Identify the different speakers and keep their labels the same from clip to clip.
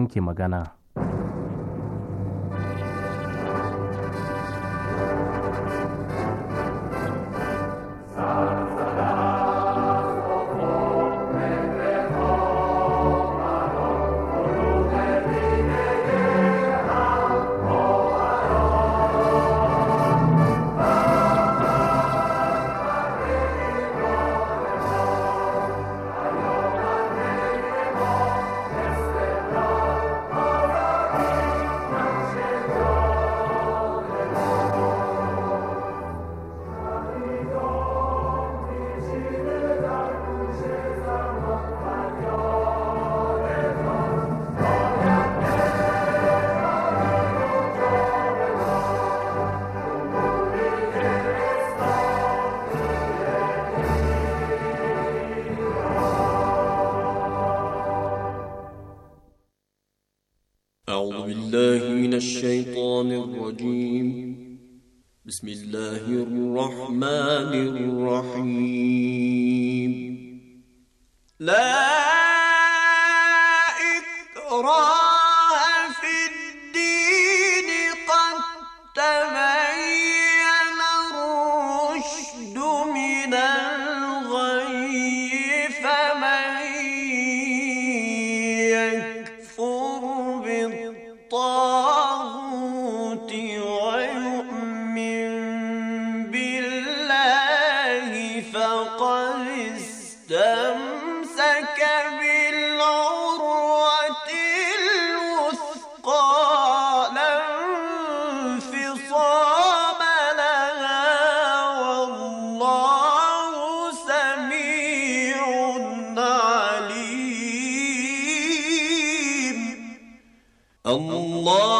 Speaker 1: yanke magana.
Speaker 2: الله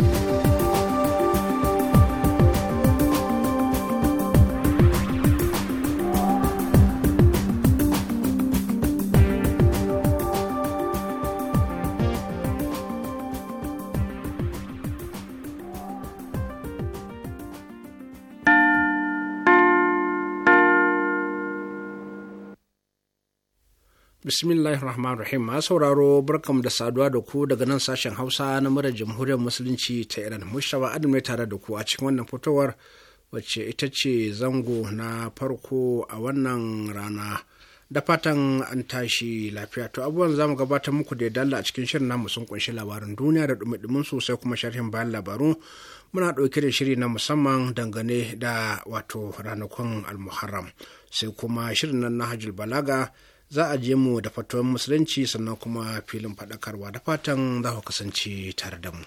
Speaker 3: bismillahir rahmanir rahim a sauraro barkam da saduwa da ku daga nan sashen hausa na murar jamhuriyar musulunci ta iran Mushawa adam ne tare da ku a cikin wannan fitowar wacce ita ce zango na farko a wannan rana da fatan an tashi lafiya to abubuwan zamu gabatar muku da dalla a cikin shirin namu sun kunshi labarin duniya da dumi-dumin sosai kuma sharhin bayan labaru muna ɗauke da shiri na musamman dangane da wato ranakun almuharram sai kuma shirin nan na hajjul balaga za a je mu da fatuwar musulunci sannan kuma filin faɗakarwa da fatan za ku kasance tare da mu.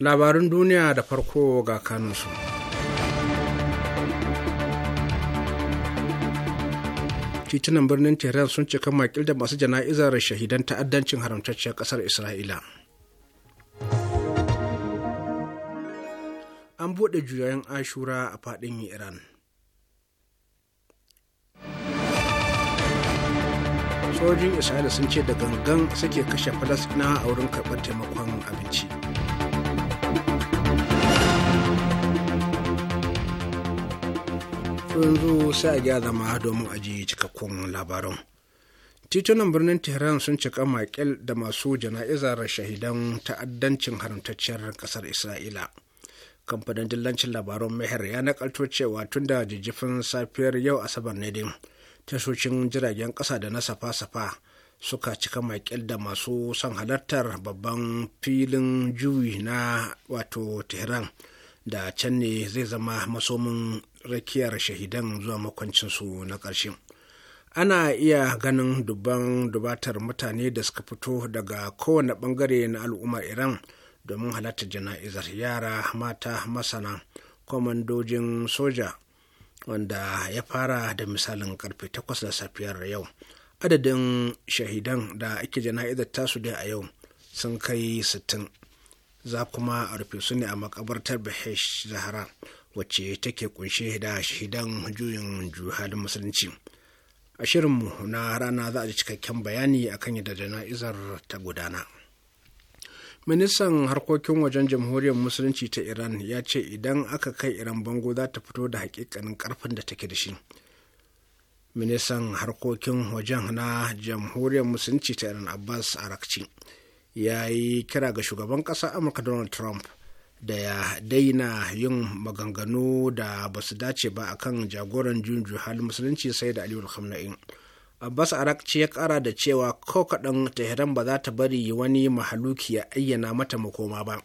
Speaker 3: Labarin duniya da farko ga kanunsu. titunan birnin tehran sun cika makil da masu jana'izar shahidan ta'addancin haramtacciyar ƙasar isra'ila an buɗe juyayen ashura a faɗin iran Sojin isra'ila sun ce da gangan suke kashe falasina a wurin karɓar taimakon abinci To yanzu sai a gyara zama domin aji cikakkun labaran. titunan birnin tehran sun cika makil da masu jana'izar shahidan ta'addancin haramtacciyar kasar isra'ila kamfanin dillancin labaran meher ya nakalto cewa tun da jijjifin safiyar yau asabar ne din tashoshin jiragen kasa da na safa-safa suka cika makil da masu son halartar babban filin juyi na wato tehran da can ne zai zama masomin rakiyar shahidan zuwa makwancinsu na ƙarshe ana iya ganin dubban dubatar mutane da suka fito daga kowane ɓangare na al'ummar iran domin halartar jana'izar yara mata masana kwamandojin soja wanda ya fara da misalin karfe 8 da safiyar yau adadin shahidan da ake jana'izar tasu dai a yau sun kai 60 za kuma a rufe su ne a makabartar bahesh zahara wacce take kunshe da shahidan juyin juhalin musulunci a shirinmu na rana za a ji cikakken bayani akan yadda jana'izar ta gudana ministan harkokin wajen jamhuriyar musulunci ta iran ya ce idan aka kai iran bango za ta fito da hakikanin karfin da take da shi ministan harkokin wajen na jamhuriyar musulunci ta iran abbas arakci ya yi kira ga shugaban ƙasa amurka donald trump da ya daina yin maganganu da ba su dace ba a kan jagoran junju halin musulunci sai da aliyu khamenei abbas arakci ya kara da cewa ko kaɗan tehran ba za ta bari wani mahaluki ya ayyana mata makoma ba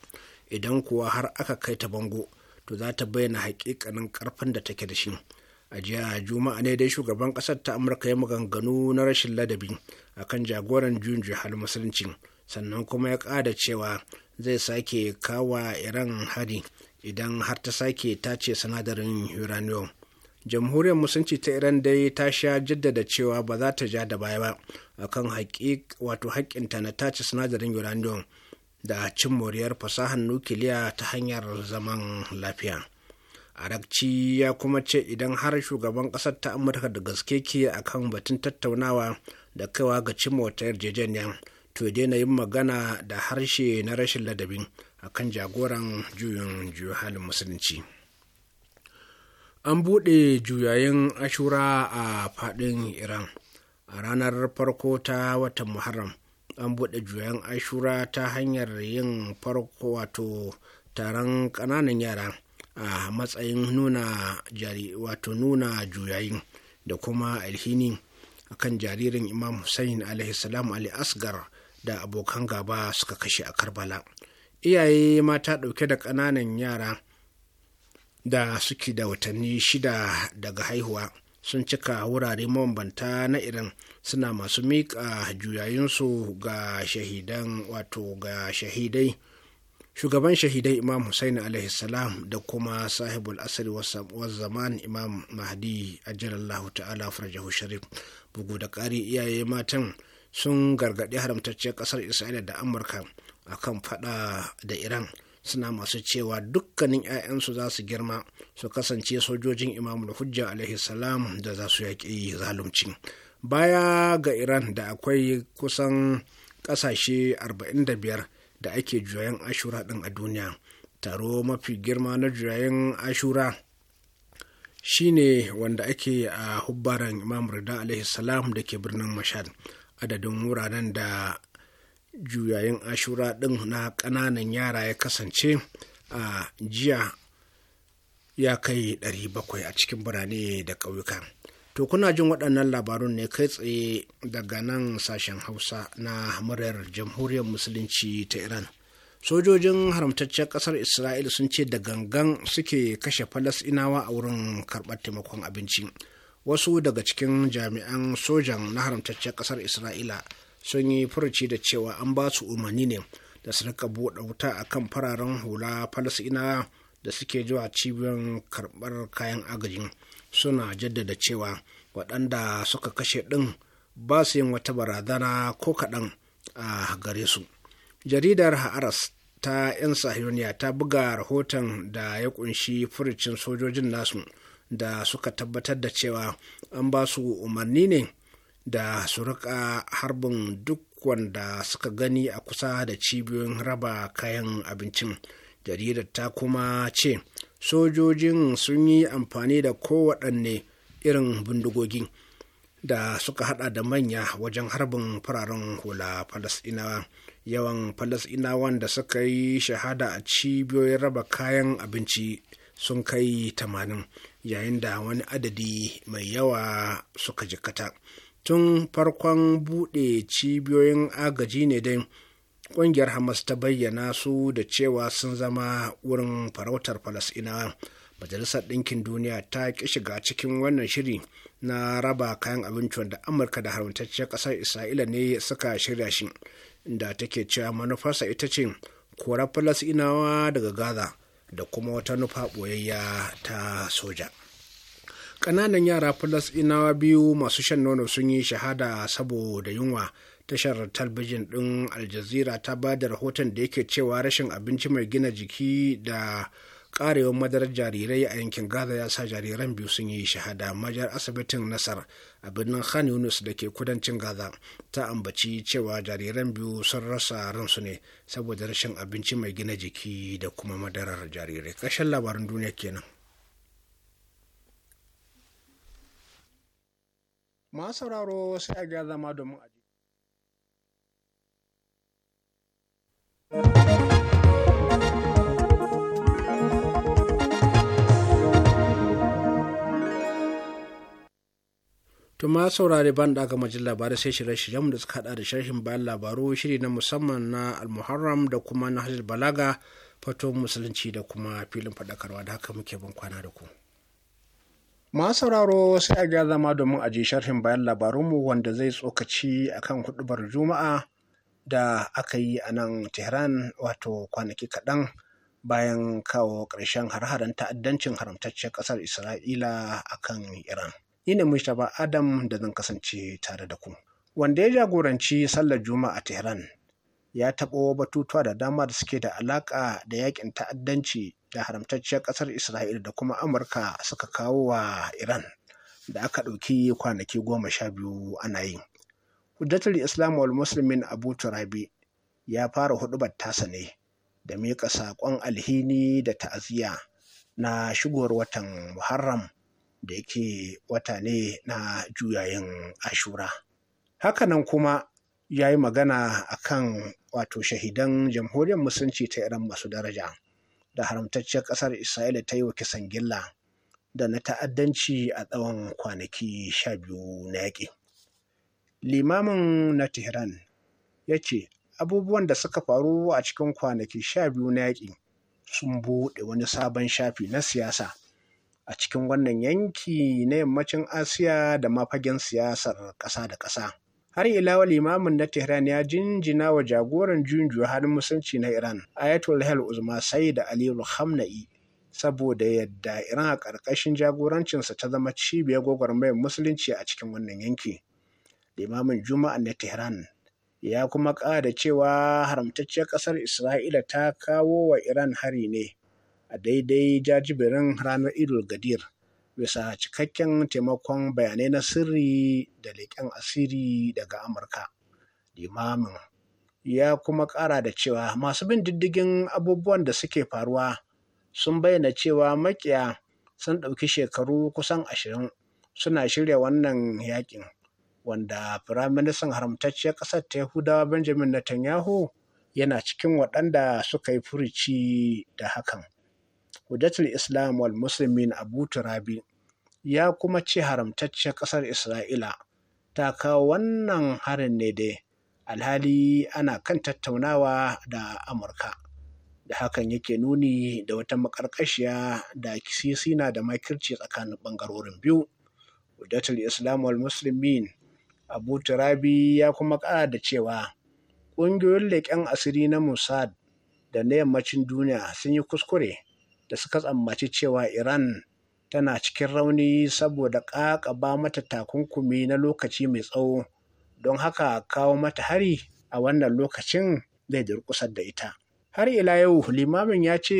Speaker 3: idan kuwa har aka kai ta bango to za ta bayyana hakikanin karfin da take da shi a jiya juma'a ne dai shugaban kasar ta amurka ya maganganu na rashin ladabi akan jagoran junju hal musulunci sannan kuma ya kada cewa zai sake kawa iran hari idan har ta sake tace sinadarin uranium jamhuriyar musulunci ta iran dai ta sha jaddada cewa ba za ta ja da baya ba akan wato haƙƙinta na tace sinadarin uranium da cin moriyar fasahar nukiliya ta hanyar zaman lafiya arakci ya kuma ce idan har shugaban ƙasar ta amurka da gaske ke akan batun tattaunawa da kaiwa ga cimma wata yarjejeniya to ya daina yin magana da harshe na rashin ladabin kan jagoran juyin juya halin musulunci an buɗe juyayen ashura a faɗin iran a ranar farko ta watan muharram an buɗe juyayen ashura ta hanyar yin farko wato taron ƙananan yara a matsayin nuna jari wato nuna juyayin da kuma alhini akan jaririn imam hussein salam ali asgar da abokan gaba suka kashe a Karbala. Iyaye mata ɗauke da ƙananan yara da suke da watanni shida daga haihuwa sun cika wurare mabambanta na irin suna masu miƙa juyayinsu ga shahidan wato ga shahidai. shugaban shahidai imam Hussaini alaihi da kuma sahibul asali wa zaman imam mahdi ajalallahu ta'ala farjahu sharif bugu da ƙari iyaye matan sun gargaɗi haramtacciyar ƙasar isra'ila da amurka akan faɗa da iran suna masu cewa dukkanin 'ya'yansu za su girma su kasance sojojin imamul hujja alaihi salam da za su yaƙi zalunci baya ga iran da akwai kusan ƙasashe 45 da ake juyayen ashura ɗin a duniya taro mafi girma na juyayen ashura shine wanda ake a hubbaran imam rida alaihi salam da ke birnin mashad adadin wuraren da juyayin ashura ɗin na ƙananan yara ya kasance a jiya ya kai 700 a cikin birane da ƙauyuka to kuna jin waɗannan labarun ne kai tsaye daga nan sashen hausa na muryar jamhuriyar musulunci ta iran sojojin haramtaccen ƙasar isra'ila sun ce da gangan suke kashe falasinawa a wurin karɓar taimakon abinci wasu daga cikin jami'an sojan na haramtaccen ƙasar isra'ila sun yi furuci da cewa an ba su umarni ne da su rika buɗe wuta a kan fararen hula falasina da suke zuwa cibiyar karɓar kayan agajin suna jaddada cewa waɗanda suka kashe ɗin ba su yin wata barazana ko kaɗan a gare su jaridar ha'aras ta 'yan sahiyoniya ta buga rahoton da ya kunshi furucin sojojin nasu da suka tabbatar da cewa an ba su umarni ne da su rika harbin duk wanda suka gani a kusa da cibiyoyin raba kayan abincin jaridar ta kuma ce sojojin sun yi amfani da kowaɗanne irin bindigogi da suka hada da manya wajen harbin fararen hula falasɗinawa yawan falasɗinawan da suka yi shahada a cibiyoyin raba kayan abinci sun kai tamanin yayin da wani adadi mai yawa suka jikata tun farkon buɗe cibiyoyin agaji ne dai ƙungiyar hamas ta bayyana su da cewa sun zama wurin farautar falasinawa majalisar ɗinkin duniya ta ƙi shiga cikin wannan shiri na raba kayan abinci wanda amurka da haramtacciyar ƙasar isra'ila ne suka shirya shi da take cewa manufarsa ita ce kora falasinawa daga gaza da kuma wata nufa ɓoyayya ta soja ƙananan yara falasɗinawa biyu masu shan nono sun yi shahada saboda yunwa tashar talbijin ɗin aljazira ta ba da rahoton da yake cewa rashin abinci mai gina jiki da karewar madarar jarirai a yankin gaza ya sa jariran biyu sun yi shahada majar asibitin nasar a birnin khan yunus da ke kudancin gaza ta ambaci cewa jariran biyu sun rasa ransu ne saboda rashin abinci mai gina jiki da kuma madarar jarirai ƙarshen labarin duniya kenan ma sauraro To ma saurare ban da aka majin labarai sai shirye-shiryenmu da suka hada da sharhin bayan labaru shiri na musamman na almuharram da kuma na hajjar balaga fato musulunci da kuma filin faɗakarwa da haka muke ban kwana da ku. Ma sauraro sai a ga zama domin aji sharhin bayan labarunmu wanda zai tsokaci akan hudubar juma'a da aka yi a nan Tehran wato kwanaki kaɗan bayan kawo ƙarshen har-haren ta'addancin haramtaccen ƙasar Isra'ila akan Iran. ni ne Mustapha Adam da zan kasance tare da ku. Wanda ya jagoranci sallar Juma'a a Tehran ya taɓo batutuwa da dama da suke da alaƙa da yakin ta'addanci da haramtacciyar ƙasar Isra'il da kuma Amurka suka kawo wa Iran da aka ɗauki kwanaki goma sha biyu ana yi. Hujjatar Islam wal Muslimin Abu Turabi ya fara huɗubar tasa ne da miƙa saƙon alhini da ta'aziyya na shigowar watan Muharram da yake wata ne na juyayin ashura hakanan kuma ya yi magana a kan wato shahidan jamhuriyar musulunci ta iran masu daraja da haramtacciyar ƙasar isra'ila ta yi wa kisan gilla da na ta'addanci a tsawon kwanaki sha biyu na yaƙi limamin na tehran ya ce abubuwan da suka faru a cikin kwanaki sha biyu na yaƙi sun buɗe wani sabon shafi na siyasa a cikin wannan yanki na yammacin Asiya da mafagen siyasar ƙasa da ƙasa. Har ilawa limamin na Tehran ya jinjina wa jagoran juyin juya halin musulunci na Iran, Ayatollah Uzma da Ali Khamenei saboda yadda Iran a ƙarƙashin jagorancinsa ta zama cibiyar gwagwarmayar musulunci a cikin wannan yanki. Limamin Juma'a na Tehran ya kuma ƙara cewa haramtacciyar ƙasar Isra'ila ta kawo wa Iran hari ne a daidai jajiberin ranar idul gadir bisa cikakken taimakon bayanai na sirri da leƙen asiri daga amurka limamin ya kuma ƙara da cewa masu bin diddigin abubuwan da suke faruwa sun bayyana cewa makiya sun ɗauki shekaru kusan ashirin suna shirya wannan yaƙin, wanda firaministan haramtacciyar ƙasar ta yahudawa benjamin netanyahu yana cikin waɗanda suka yi furuci da hakan Hujjatul Islam wal Muslimin Abu Turabi ya kuma ce haramtaccen ƙasar Isra'ila ta kawo wannan harin ne dai alhali ana kan tattaunawa da Amurka. Da hakan yake nuni da wata maƙarƙashiya da kisisi na da makirci tsakanin ɓangarorin biyu. Hujjatul Islam wal Muslimin Abu Turabi ya kuma ƙara da cewa ƙungiyoyin leƙen asiri na Mossad da na yammacin duniya sun yi kuskure da suka tsammaci cewa Iran tana cikin rauni saboda ƙaƙaba mata takunkumi na lokaci mai tsawo don haka kawo mata hari a wannan lokacin zai durƙusar da ita. Har ila yau limamin ya ce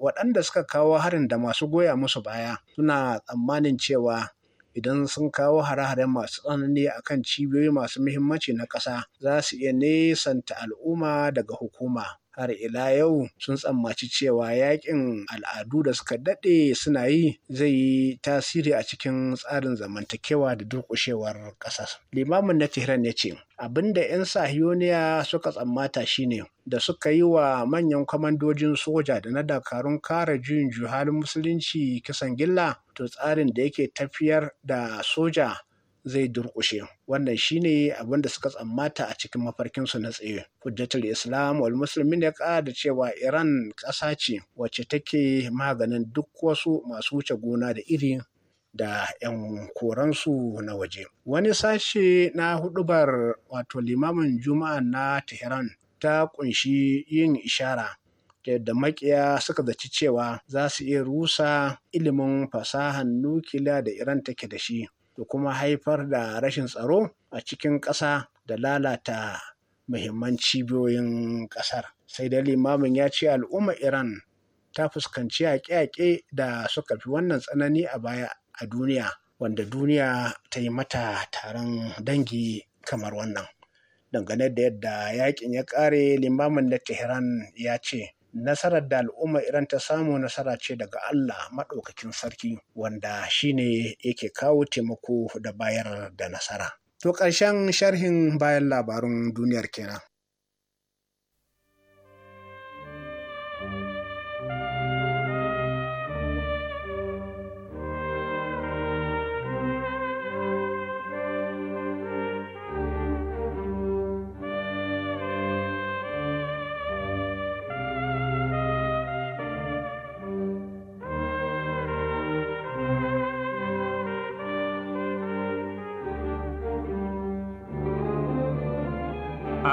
Speaker 3: waɗanda suka kawo harin da masu goya musu baya suna tsammanin cewa idan sun kawo hare-hare masu tsanani a kan cibiyoyi masu muhimmanci na ƙasa za su iya nesanta al'umma daga hukuma har ila yau sun tsammaci cewa yakin al'adu da suka daɗe suna yi zai yi tasiri a cikin tsarin zamantakewa da durƙushewar ƙasar. Limamin na Tehran ya ce, abin da 'yan sahiyoniya suka tsammata shine da suka yi wa manyan kwamandojin soja da na dakarun kare juyin juhalin musulunci kisan gilla to tsarin da yake tafiyar da soja zai durƙushe wannan shine abin da suka tsammata a cikin mafarkinsu na tsaye hujjatul islam wal muslimin ya ƙara cewa iran ƙasa ce wacce take maganin duk wasu masu wuce gona da iri da 'yan koransu na waje wani sashe na hudubar wato limamin juma'a na tehran ta kunshi yin ishara da makiya suka zaci cewa za su iya rusa ilimin fasahan nukiliya da iran take da shi da kuma haifar da rashin tsaro a cikin ƙasa da lalata muhimman cibiyoyin ƙasar. Sai da limamin ya ce al'ummar Iran ta fuskanci yaƙe-yaƙe da suka fi wannan tsanani a baya a duniya wanda duniya ta yi mata taron dangi kamar wannan. Dangane da yadda yaƙin ya ƙare limamin da Tehran ya ce nasarar da al'umma Iran ta samu nasara ce daga Allah maɗaukakin sarki wanda shine yake kawo taimako da bayar da nasara. To ƙarshen sharhin bayan labarun duniyar kenan.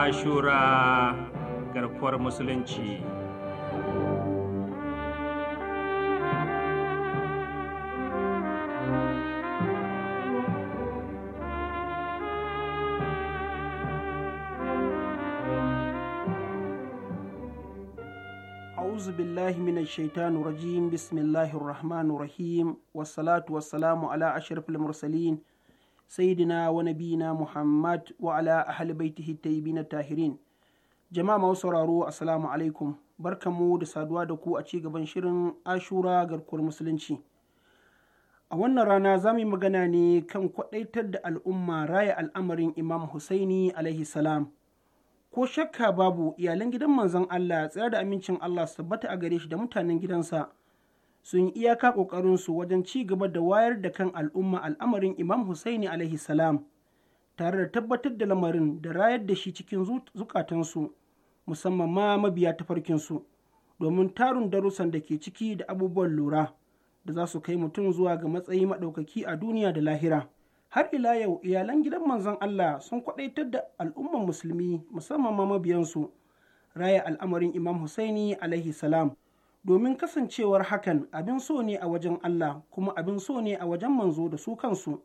Speaker 4: Yan shura Musulunci.
Speaker 5: A'uzubillahi mina shaitanir rehim Inshallah rahmanir rahim Salatu wa salama Wani ashirin filimi سيدنا ونبينا محمد وعلى أهل بيته الطيبين الطاهرين جماعة وصرارو السلام عليكم barkamu da saduwa da ku a ci gaban shirin ashura garkuwar musulunci a wannan rana za mu yi magana ne kan kwaɗaitar da al'umma raya al'amarin imam husaini alaihi salam ko shakka babu iyalan gidan manzon allah tsaya da amincin allah su tabbata a gare shi da mutanen gidansa sun yi iyaka ƙoƙarinsu wajen ci gaba da wayar da kan al'umma al'amarin imam Hussaini alaihi salam tare da tabbatar da lamarin da rayar da shi cikin zukatansu musamman ma mabiya tafarkinsu domin tarun darussan da ke ciki da abubuwan lura da za su kai mutum zuwa ga matsayi maɗaukaki a duniya da lahira har ila yau iyalan gidan manzon Allah sun kwaɗaitar da al'umman musulmi musamman ma mabiyansu raya al'amarin imam Hussaini alaihi salam domin kasancewar hakan abin so ne a wajen Allah kuma abin so ne a wajen manzo da su kansu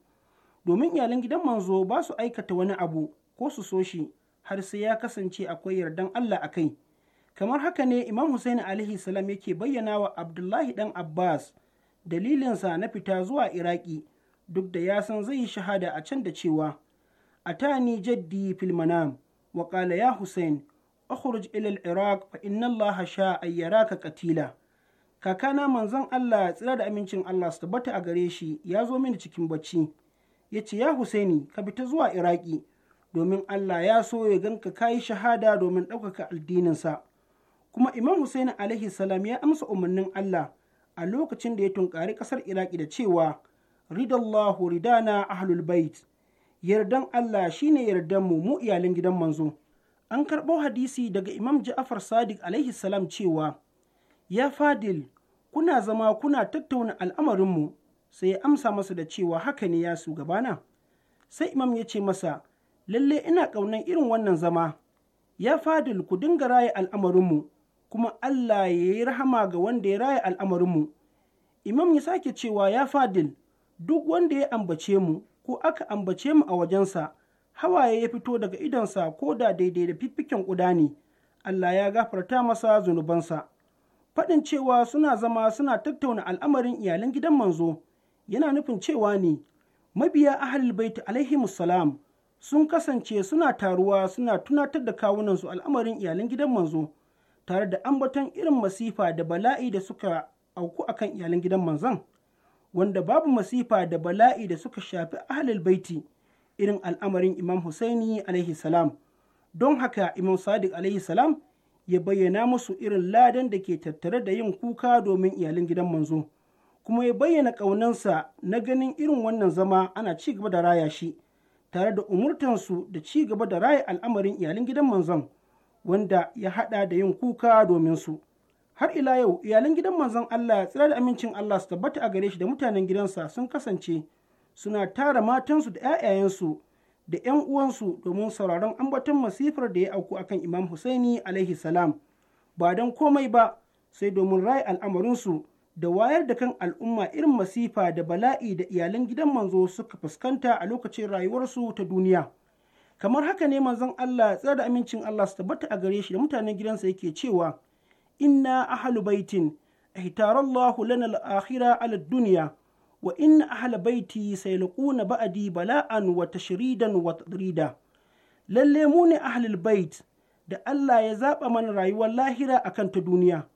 Speaker 5: domin iyalan gidan manzo ba su aikata wani abu ko su so shi har sai ya kasance akwai yardan Allah a kai kamar haka ne imam Hussein alaihi salam yake bayyana wa Abdullahi ɗan Abbas dalilinsa na fita zuwa Iraki duk da ya san zai yi shahada a can da cewa atani jaddi fil manam wa qala ya Hussein akhruj ila al-iraq fa inna allaha sha ayyaraka qatila kakana manzon Allah tsira da amincin Allah su tabbata a gare shi ya zo mini cikin bacci ya ce ya Husaini ka fita zuwa Iraki domin Allah ya so ya ganka kayi shahada domin ɗaukaka addininsa kuma Imam Husaini alaihi salam ya amsa umarnin Allah a lokacin da ya tunkari ƙasar Iraki da cewa ridallahu ridana ahlul bait yardan Allah shine yardan mu mu iyalin gidan manzo an karɓo hadisi daga imam ja'afar sadiq alaihi salam cewa ya fadil kuna zama kuna tattauna al'amarinmu sai ya amsa masa da cewa haka ne ya su gabana sai imam ya ce masa lalle ina ƙaunar irin wannan zama ya fadil ku dinga raya al'amarinmu kuma allah ya yi rahama ga wanda ya raya al'amarinmu imam ya sake cewa ya fadil duk wanda ya ambace mu ko aka ambace mu a wajensa hawaye ya fito daga idonsa ko da daidai da fiffiken ƙuda ne Allah ya gafarta masa zunubansa faɗin cewa suna zama suna tattauna al'amarin iyalin gidan manzo yana nufin cewa ne mabiya ahalil baiti, alaihi musalam sun kasance suna taruwa suna tunatar da kawunansu al'amarin iyalin gidan manzo tare da ambaton irin masifa da bala'i da suka auku akan iyalin gidan manzon wanda babu masifa da bala'i da suka shafi ahalil baiti irin al'amarin imam husaini alaihi salam don haka imam sadiq alaihi salam ya bayyana musu irin ladan da ke tattare da yin kuka domin iyalin gidan manzo kuma ya bayyana ƙaunansa na ganin irin wannan zama ana ci gaba da raya shi tare da umurtansu da ci gaba da raya al'amarin iyalin gidan manzon wanda ya haɗa da yin kuka domin su har ila yau iyalin gidan manzon Allah tsira da amincin Allah su tabbata a gare shi da mutanen gidansa sun kasance suna tara matansu da 'ya'yayensu da 'yan uwansu domin sauraron ambaton masifar da ya auku akan imam husaini alaihi salam ba don komai ba sai domin rai al'amarinsu da wayar da kan al'umma irin masifa da bala'i da iyalan gidan manzo suka fuskanta a lokacin rayuwarsu ta duniya kamar haka ne manzon Allah tsada amincin Allah su tabbata a gare shi da mutanen gidansa yake cewa inna ahlu baitin ihtarallahu lana al-akhira ala dunya wa inna ahla baiti sayalquna ba'di bala'an wa tashridan wa tadrida lalle mu ne ahlul bait da Allah ya zaba mana rayuwar lahira akan ta duniya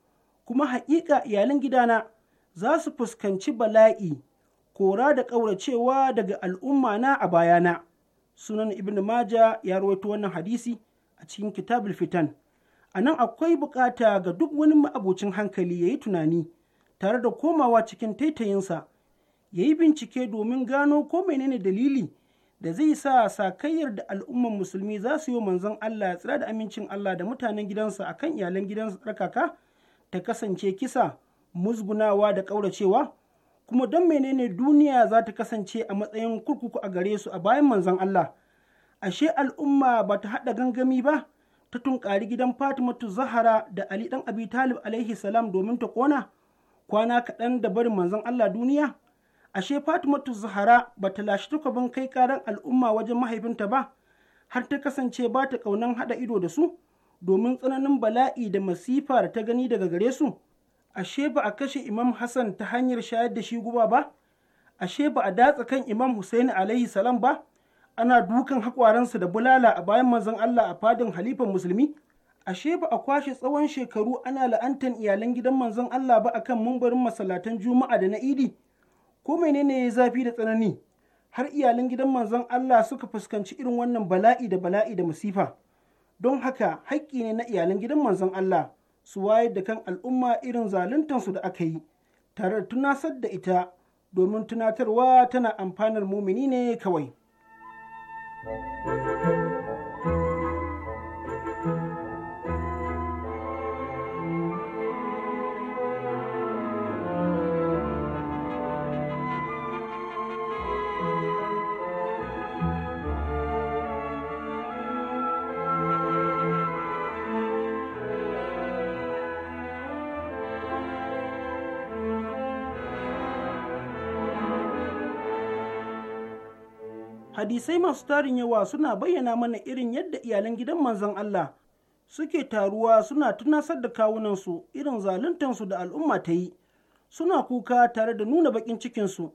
Speaker 5: kuma haƙiƙa iyalin gidana za su fuskanci bala'i kora da ƙauracewa daga al'umma na a bayana sunan ibn maja ya rawaito wannan hadisi a cikin kitabul fitan anan akwai bukata ga duk wani ma'abocin hankali yayi tunani tare da komawa cikin taitayinsa ya yi bincike domin gano ko menene dalili da zai sa sakayyar da al'ummar musulmi za su yi manzon Allah ya tsira da amincin Allah da mutanen gidansa akan iyalan gidansa tsarkaka ta kasance kisa musgunawa da ƙauracewa kuma don menene duniya za ta kasance a matsayin kurkuku a gare su a bayan manzon Allah ashe al'umma ba ta haɗa gangami ba ta tunkari gidan Fatimatu Zahra da Ali ɗan Abi Talib alaihi salam domin ta kona kwana kaɗan da barin manzon Allah duniya ashe fatimatu zahara ba ta lashe tukabin kai karan al'umma wajen mahaifinta ba har ta kasance ba ta ƙaunar haɗa ido da su domin tsananin bala'i da masifa da ta gani daga gare su ashe ba a kashe imam hassan ta hanyar shayar da shi guba ba ashe ba a datsa kan imam husaini alaihi salam ba ana dukan haƙwaransa da bulala a bayan manzon allah a fadin halifan musulmi ashe ba a kwashe tsawon shekaru ana la'antar iyalan gidan manzon allah ba akan mumbarin masallatan juma'a da na idi ko menene zafi da tsanani har iyalan gidan manzon Allah suka fuskanci irin wannan bala'i da bala'i da masifa? don haka haƙƙi ne na iyalin gidan manzon Allah su wayar da kan al'umma irin su da aka yi tare da tunasar da ita domin tunatarwa tana amfanar mumini ne kawai. hadisai masu tarin yawa suna bayyana mana irin yadda iyalan gidan manzon Allah suke taruwa suna tunasar da kawunansu irin zaluntansu da al'umma ta yi suna kuka tare da nuna bakin cikinsu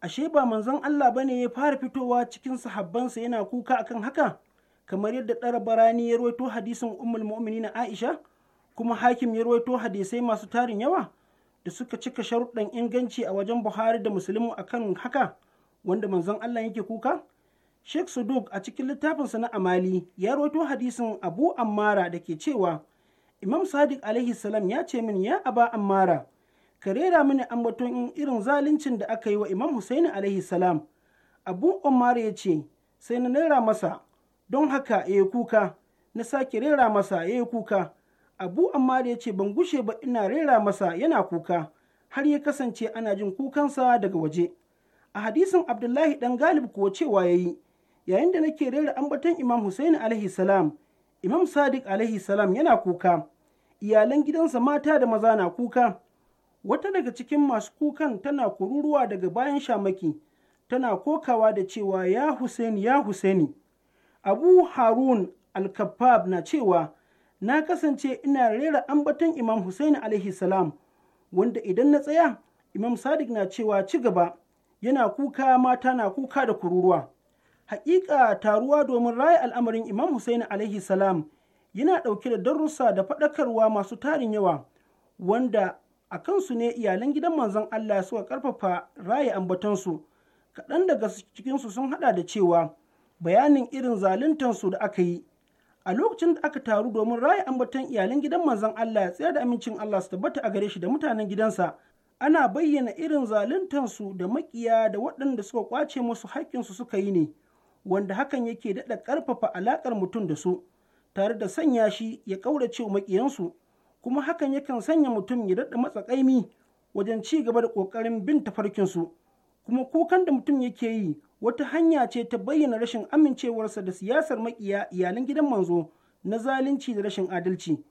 Speaker 5: ashe ba manzon Allah bane ya fara fitowa cikin sahabbansa yana kuka akan haka kamar yadda ɗara barani ya rawaito hadisin ummul na Aisha kuma hakim ya rawaito hadisai masu tarin yawa da suka cika sharuɗan inganci a wajen Buhari da Muslimu akan haka wanda manzon Allah yake kuka? Sheikh Suduk a cikin littafinsa na Amali ya roto hadisin Abu Ammara da ke cewa Imam Sadiq alaihi salam ya ce min ya aba Ammara ka rera mini ambaton irin zaluncin da aka yi wa Imam Husaini alaihi salam. Abu Ammara ya ce sai na rera masa don haka ya kuka na sake rera masa ya kuka. Abu Ammara ya ce ban gushe ba ina rera masa yana kuka har ya kasance ana jin kukansa daga waje. a hadisin abdullahi dan galib kuwa cewa ya yi yayin da nake rera ambaton imam husain alaihi salam imam sadiq alaihi salam yana kuka iyalan gidansa mata da maza na kuka wata daga cikin masu kukan tana kururuwa daga bayan shamaki tana kokawa da cewa ya husaini ya husaini abu harun alkafab na cewa na kasance ina rera ambaton imam husaini alaihi salam wanda idan na tsaya imam sadiq na cewa ci gaba yana kuka mata na kuka da kururuwa haƙiƙa taruwa domin raya al'amarin imam Hussein alaihi salam yana ɗauke da darussa da faɗakarwa masu tarin yawa wanda a kansu ne iyalan gidan manzon Allah suka ƙarfafa raya ambatansu kaɗan daga cikinsu sun haɗa da cewa bayanin irin zaluntansu da aka yi a lokacin da aka taru domin raya ambaton iyalan gidan manzon Allah ya tsaya da amincin Allah su tabbata a gare shi da mutanen gidansa ana bayyana irin zaluntansu da makiya da waɗanda suka kwace musu haƙƙinsu suka yi ne wanda hakan yake daɗa ƙarfafa alaƙar mutum da su tare da sanya shi ya ƙaurace wa maƙiyansu kuma hakan yakan sanya mutum ya daɗa matsa wajen ci gaba da ƙoƙarin bin tafarkinsu kuma kukan da mutum yake yi wata hanya ce ta bayyana rashin amincewarsa da siyasar maƙiya iyalan gidan manzo na zalunci da rashin adalci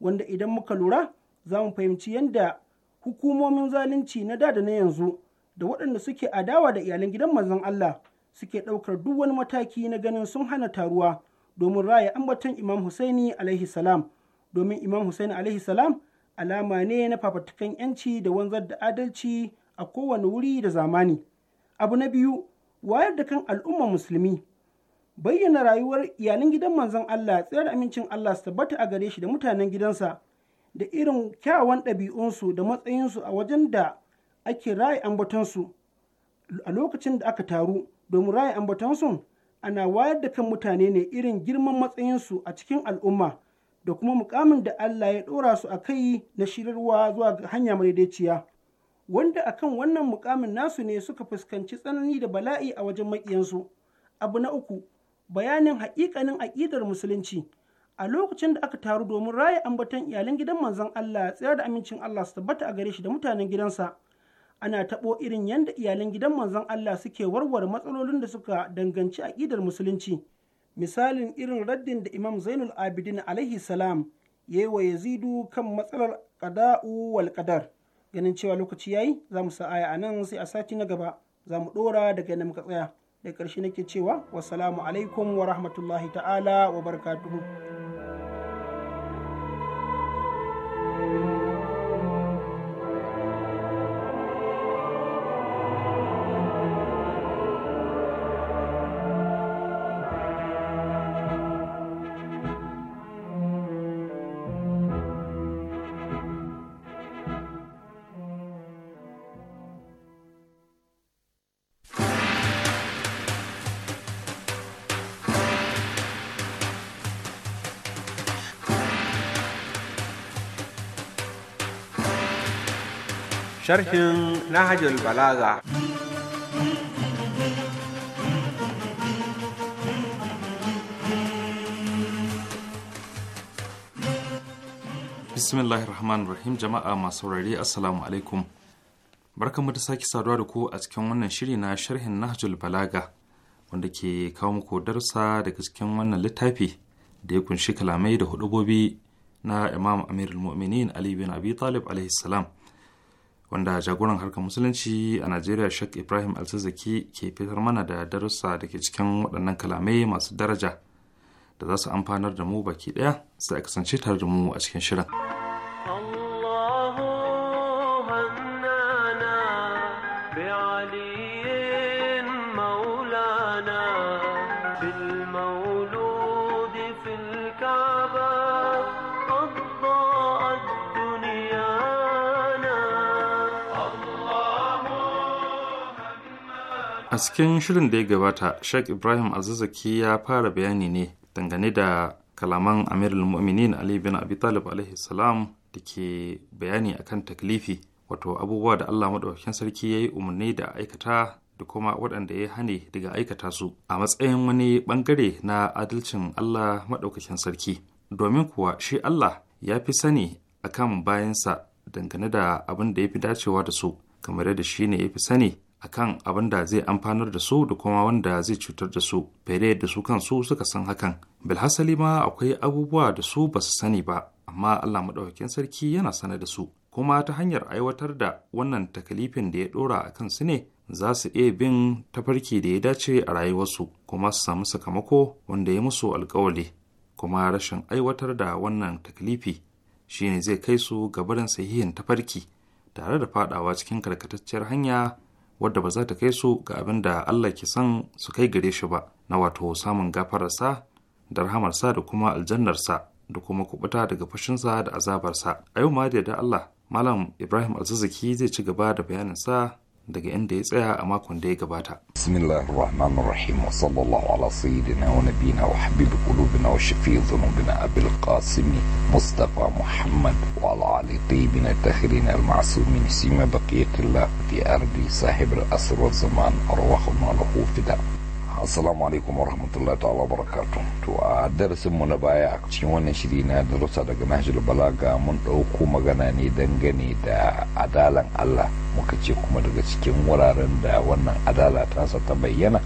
Speaker 5: wanda idan muka lura za mu fahimci yadda hukumomin zalunci na da da na yanzu da waɗanda suke adawa da iyalin gidan manzon Allah suke ɗaukar duk wani mataki na ganin sun hana taruwa domin raya ambaton Imam Husaini alaihi salam domin Imam Husaini alaihi salam alama ne na fafatukan yanci da wanzar da adalci a kowane wuri da zamani. Abu na biyu wayar da kan al'umman musulmi bayyana rayuwar iyalan gidan manzon Allah tsayar amincin Allah su tabbata a gare shi da mutanen gidansa da irin kyawan ɗabi'unsu da matsayinsu a wajen da ake raye ambatonsu a lokacin da aka taru domin raye ambatonsu ana wayar da kan mutane ne irin girman matsayinsu a cikin al'umma da kuma mukamin da Allah ya ɗora su a kai na shirarwa zuwa ga hanya madaidaiciya wanda akan wannan mukamin nasu ne suka fuskanci tsanani da bala'i a wajen maƙiyansu abu na uku bayanin haƙiƙanin aƙidar musulunci a lokacin da aka taru domin raya ambaton iyalin gidan manzon Allah tsayar da amincin Allah su tabbata a gare shi da mutanen gidansa ana taɓo irin yadda iyalan gidan manzon Allah suke warware matsalolin da suka danganci aƙidar musulunci misalin irin raddin da Imam Zainul Abidin alaihi salam yayi wa Yazidu kan matsalar qada'u wal qadar ganin cewa lokaci yayi za mu sa aya anan sai a sati na gaba za mu ɗora daga yadda muka tsaya da ƙarshe nake cewa wasalamu alaikum wa rahmatullahi ta'ala wa barakatuhu sharhin nahajul balaga
Speaker 4: bismillahir rahmanir rahim jama'a masu saurari assalamu alaikum barkanmu da sake saduwa da ku a cikin wannan shiri na sharhin nahjul balaga wanda ke kawo muku darsa daga cikin wannan littafi da ya kunshi kalamai da hudubobi na imam amirul muminin ali bin abi talib alaihi salam wanda jagoran harkar musulunci a najeriya sheikh ibrahim alsazaki ke fitar mana da darussa da ke cikin waɗannan kalamai masu daraja da za su amfanar da mu baki ɗaya sai a kasance tare da mu a cikin shirin. Oh a cikin shirin da ya gabata sheikh ibrahim azizaki ya fara bayani ne dangane da kalaman al mu'minin ali bin abi talib alaihi salam da ke bayani akan taklifi wato abubuwa da allah maɗaukakin sarki ya yi umarni da aikata da kuma waɗanda ya hane daga aikata su a matsayin wani ɓangare na adalcin allah maɗaukakin sarki domin kuwa shi allah ya fi sani akan bayansa dangane da abin da ya fi dacewa da su kamar yadda shi ne ya fi sani akan abin da zai amfanar da su da kuma wanda zai cutar da su fere da su kansu suka san hakan bilhassali ma akwai abubuwa da su ba su sani ba amma allah maɗaukakin sarki yana sanar da su kuma ta hanyar aiwatar da wannan takalifin da ya ɗora a kan su ne za su iya bin tafarki da ya dace a rayuwarsu kuma su samu sakamako wanda ya musu alkawali kuma rashin aiwatar da wannan takalifi shine zai kai su gabarin sahihin tafarki tare da faɗawa cikin karkatacciyar hanya wadda ba za ta kai su ga abin da Allah ke son su kai gare shi ba na wato samun gafararsa da rahamarsa da kuma aljannarsa da kuma kubuta daga fushinsa da azabarsa a yau ma da Allah Malam Ibrahim Alzazaki zai ci gaba da bayaninsa daga inda ya tsaya a makon da ya gabata.
Speaker 6: Bismillahir Rahmanir Rahim wa sallallahu ala sayyidina wa nabiyina wa habibi qulubina wa shafi'i dhunubina Abil Qasim Mustafa Muhammad wa ala ali tayyibin at-tahirin al-ma'sumin sima baqiyatillah fi ardi sahib al-asr wa zaman arwahum arwahuna lahu fida. assalamu alaikum wa rahmatullahi ta'ala barakatu to a darasin mu na baya a cikin wannan shiri na darussa daga nahjul balaga mun ɗauko magana ne dangane da adalan Allah muka ce kuma daga cikin wuraren da wannan adala tasa ta bayyana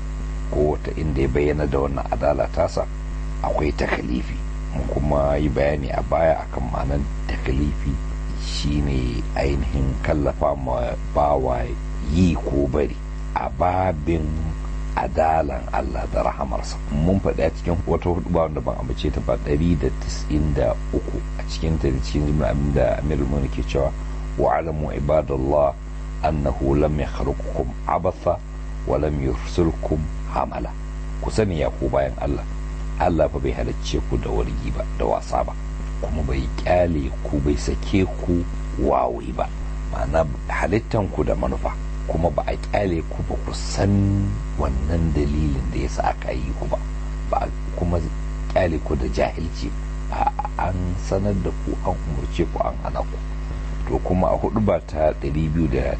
Speaker 6: ko ta inda ya bayyana da wannan adala tasa akwai takalifi mun kuma yi bayani a baya akan ma'anar takalifi shine ainihin kallafa ma bawa yi ko bari a babin adalan Allah da rahamarsa mun faɗi a cikin wata hudu ba wanda ban amince ta ba 193 a cikin ta da cikin jimla abin da Amir Mumini ke cewa wa alamu ibadallah annahu lam yakhluqukum abatha wa lam yursilkum hamala ku sani ya ku bayan Allah Allah fa bai halarci ku da wargi ba da wasa ba kuma bai kyale ku bai sake ku wawai ba ma'ana halittanku da manufa kuma ba a kyale ku ba ku san wannan dalilin da ya sa aka yi ku ba ba a kuma kyale ku da jahilci ba an sanar da ku an umarce ku an hana ku to kuma a hudu ba ta 290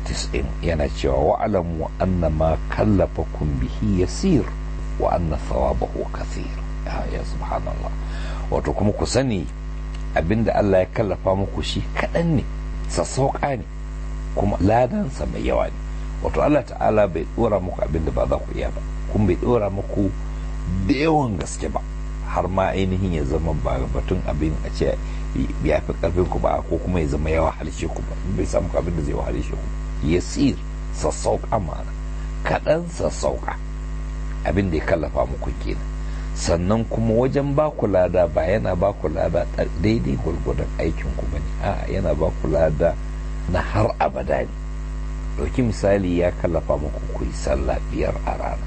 Speaker 6: yana cewa wa'alamu anna ma kallafa kun bihi yasir wa anna thawabahu kathir ah, ya subhanallah wato kuma ku sani abinda Allah ya kallafa muku shi kaɗan ne sassauka ne kuma ladansa mai yawa ne wato Allah ta'ala bai dora muku abin da ba za ku iya ba kun bai dora muku da yawan gaske ba har ma ainihin ya zama ba batun abin a ce ya fi karfin ku ba ko kuma ya zama ya wahalshe ku ba bai samu abin da zai wahalshe ku yasir sassauka mana kaɗan sassauka abin da ya kallafa muku kenan sannan kuma wajen ba ku lada ba yana ba ku lada daidai gwargwadon aikin ku ba ne a yana ba ku lada na har abada ne ɗauki misali ya kallafa muku ku yi sallah biyar a rana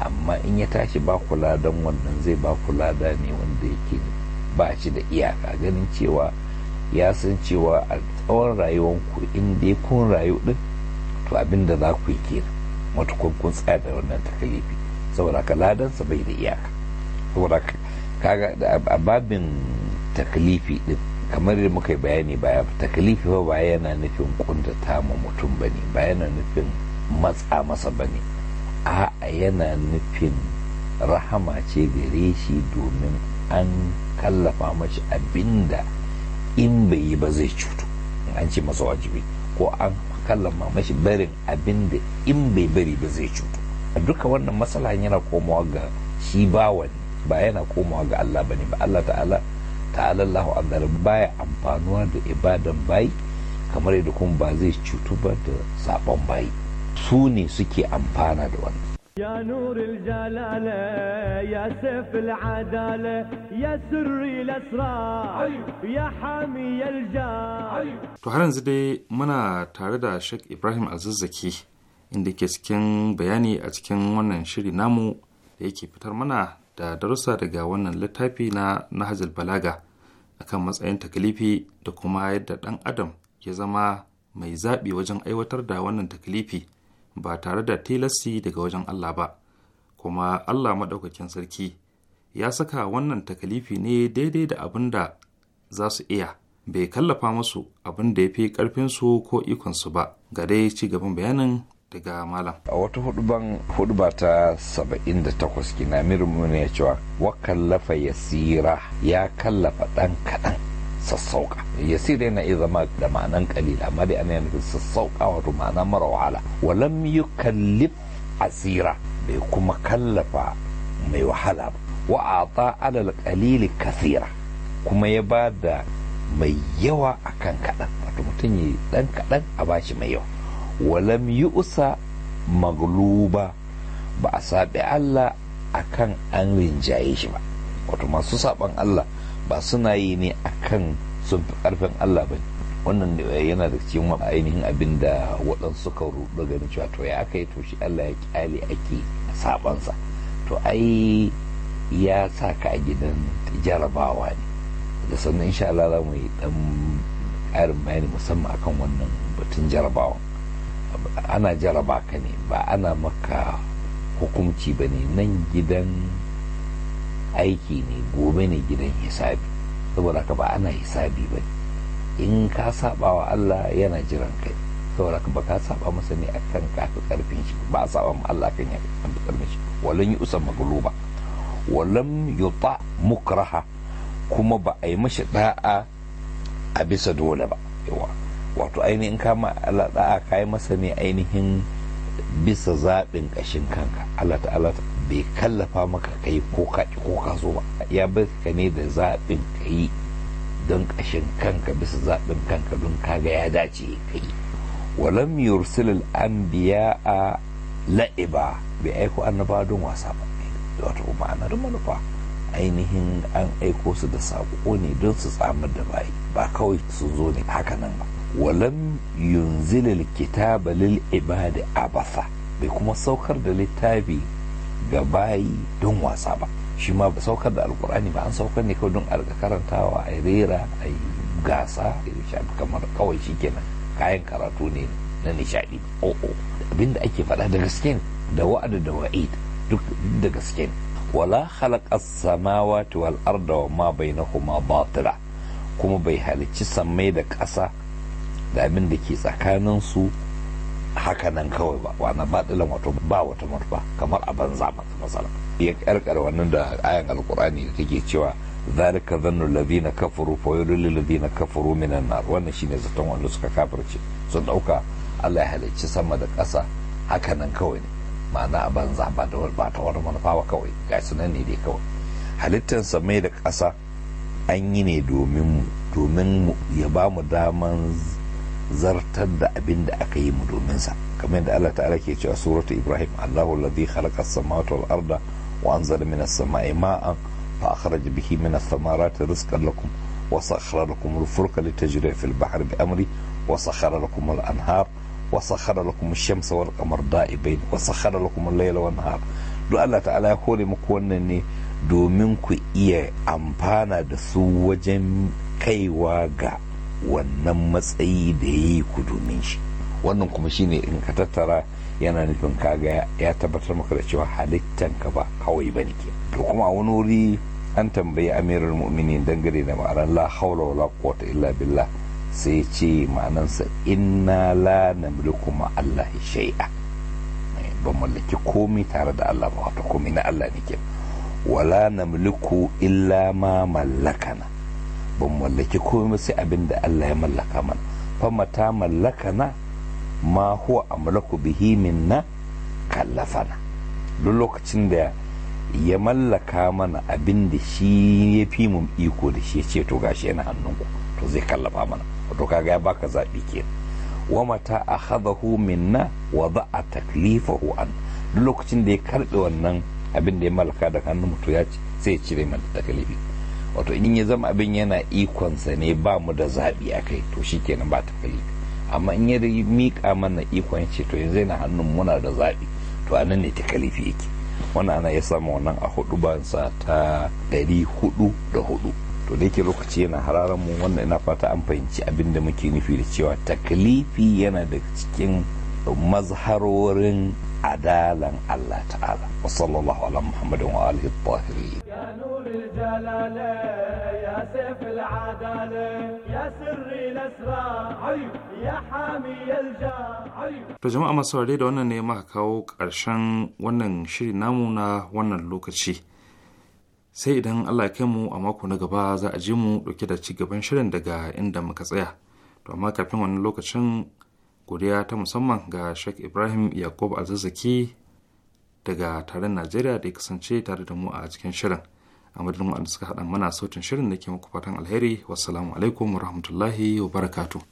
Speaker 6: amma in ya tashi ba kula ladan wannan zai ba kula da ne wanda yake ba shi da iyaka ganin cewa ya san cewa a tsawon ku in dai kun rayu din to abin da za ku yi kenan matukun kun tsaya da wannan takalifi saboda ka ladansa bai da iyaka saboda kaga a babin takalifi din kamar da muka yi bayani baya takalifi fa ba yana nufin kundata ma mutum ne ba yana nufin matsa masa ba ne a yana nufin rahama ce gare shi domin an kallafa mashi abinda in bai yi ba zai cutu an ce masa wajibi ko an kallafa mashi barin abinda in bai bari ba zai cutu duka wannan matsala yana komawa ga shi bawan ba yana komawa ga Allah ne ba Allah ta'ala ta'ala Allahu baya amfanuwa da ibadan bayi kamar yadda kuma ba zai cutu ba da sabon bayi su ne suke amfana da wannan
Speaker 2: يا نور الجلالة يا سيف العدالة يا سري الأسرار يا حامي الجار
Speaker 4: To har yanzu dai muna tare da Sheikh Ibrahim Azizzaki inda ke cikin bayani a cikin wannan shiri namu da yake fitar mana da darussa daga wannan littafi na nahajul balaga akan matsayin takalifi da kuma yadda ɗan adam ya zama mai zaɓi wajen aiwatar da wannan takalifi ba tare da tilasti daga wajen Allah ba kuma Allah maɗaukakin sarki ya saka wannan takalifi ne daidai da abin da za su iya bai kallafa musu abin da ya fi ƙarfinsu ko
Speaker 6: ikonsu ba ga dai ci gaban bayanin daga malam a wata huduban huduba ta da 78 kina mirmu ne cewa wakallafa yasira ya kallafa dan kadan sassauka yasira yana iya zama da ma'anan kalila amma dai ana yanzu sassauka wato ma'ana mara wahala walam kallif asira bai kuma kallafa mai wahala ba wa ata alal kalili kasira kuma ya ba da mai yawa akan kadan wato mutum ya dan kadan a bashi mai yawa walam yu'sa magluba ba a saɓi Allah a kan an rinjaye shi ba wato masu saɓan Allah ba suna yi ne akan sun fi ƙarfin Allah ba wannan yana da cikin ainihin abin da waɗansu suka rudu ganin cewa to ya aka yi to shi Allah ya ƙyale ake saɓansa to ai ya sa ka a gidan jarabawa ne da sannan insha Allah za mu yi ɗan ƙarin bayani musamman akan wannan batun jarabawa ana jaraba ka ne ba ana maka hukunci ba ne nan gidan aiki ne gobe ne gidan hisabi saboda ka ba ana hisabi ba in ka saba wa Allah yana jiran kai saboda ka ba ka saba masa ne akan kafi karfin shi ba saba ma Allah kan ya kafi karfin shi walan yi usan magluba walam yuta mukraha kuma ba a yi mashi da'a a bisa dole ba yawa wato ainihin kama alaɗa a kayi masa ne ainihin bisa zaɓin ƙashin kanka Allah ta'ala bai kallafa maka kai ko ko ka zo ba ya bai ka ne da zaɓin kai don ƙashin kanka bisa zaɓin kanka don kaga ya dace kai walam a anbiya'a la'iba bai aiko annaba don wasa ba wato ma'anar manufa ainihin an aiko su da saƙo ne don su tsamar da bayi ba kawai sun zo ne haka nan ba walan yunzilil kitaba lil ibadi abasa bai kuma saukar da littafi ga bayi don wasa ba shi ma saukar da alkur'ani ba an saukar ne kawai don a karantawa a rera a yi gasa kamar kawai shi kenan kayan karatu ne na nishadi o'o abinda ake faɗa da gaske da wa'ada da wa'id duk da gaske wala khalaqas samawati wal arda wa ma bainahuma batila kuma bai halicci sammai da ƙasa da abin da ke tsakanin su nan kawai ba wani baɗilan wato ba wata manufa kamar a banza matsala ya karkar wannan da ayan alkur'ani da take cewa zalika zannu ladina kafaru fa yulil ladina kafuru minan nar wannan shine zaton wanda suka kafirce sun dauka Allah ya halicci sama da ƙasa hakanan kawai ne ma'ana a banza ba da ba ta wani manufa ba kawai ga sunan ne dai kawai halittar samai da ƙasa an yi ne domin mu domin ya ba mu daman zartar da abin da aka yi mu domin sa kamar yadda Allah ta'ala ke cewa suratu Ibrahim Allahu alladhi khalaqa as-samawati wal arda wa anzala minas sama'i ma'an fa akhraj bihi minas thamarati rizqan lakum wa sakhara lakum al-fulka litajriya fil bahri bi amri wa sakhara lakum al-anhar wa sakhara lakum ash-shamsa wal qamara da'ibain wa sakhara lakum al-layla wan nahar duk Allah ta'ala ya kore muku wannan ne domin ku iya amfana da su wajen kaiwa ga wannan matsayi da ya yi ku domin shi wannan kuma shine in ka tattara yana nufin kaga ya tabbatar maka da cewa halittan ka ba kawai ba ne to kuma a wani wuri an tambayi amirar mu'mini dangane da ma'anar la haula wala quwwata illa billah sai ce ma'anansa inna la namliku ma Allah shay'a eh, ban mallaki komai tare da Allah ba wato komai na Allah ne ke wala namliku illa ma mallakana ban mallaki komai sai abin da Allah ya mallaka mana ta mallaka na ma huwa amlaku bihi minna kallafana duk lokacin da ya mallaka mana abin da shi ya fi mun iko da shi ya ce to gashi yana hannunku to zai kallafa mana to kaga ya baka zaɓi ke wa mata akhadahu minna wa da'a taklifahu an duk lokacin da ya karbe wannan abin da ya mallaka da hannun mutu ya ce sai ya cire mana taklifi wato in ya zama abin yana ikonsa ne ba mu da zaɓi a kai to shi kenan ba ta fali amma in ya miƙa mana ikon ce to yanzu yana hannun muna da zaɓi to a ne ta kalifi yake wannan ana ya samu wannan a hudu bansa ta ɗari hudu da hudu to da yake lokaci yana hararan mu wannan ina fata an fahimci abin da muke nufi da cewa takalifi yana da cikin mazharorin adalan Allah ta'ala wa sallallahu ala muhammadin wa alihi
Speaker 2: يا نور الجلالة يا سيف العدالة يا سري يا حامي
Speaker 4: To jama'a masu saurare da wannan ne maka kawo ƙarshen wannan shiri namu na wannan lokaci. Sai idan Allah ya mu a mako na gaba za a ji mu ɗauke da ci gaban shirin daga inda muka tsaya. To amma kafin wannan lokacin godiya ta musamman ga Sheikh Ibrahim Yakub Azazaki daga taron najeriya da ya kasance tare da mu a cikin shirin a madadin waɗanda suka haɗa mana sautin shirin da ke muku fatan alheri wassalamu alaikum wa rahmatullahi wa barakatu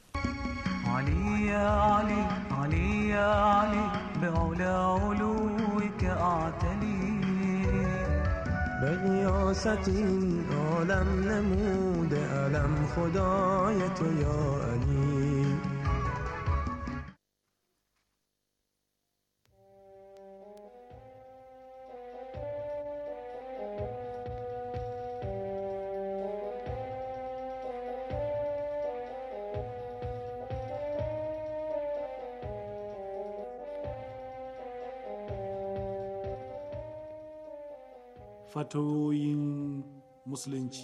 Speaker 2: بغياست این عالم نموده علم خدای تو
Speaker 5: fatoyin musulunci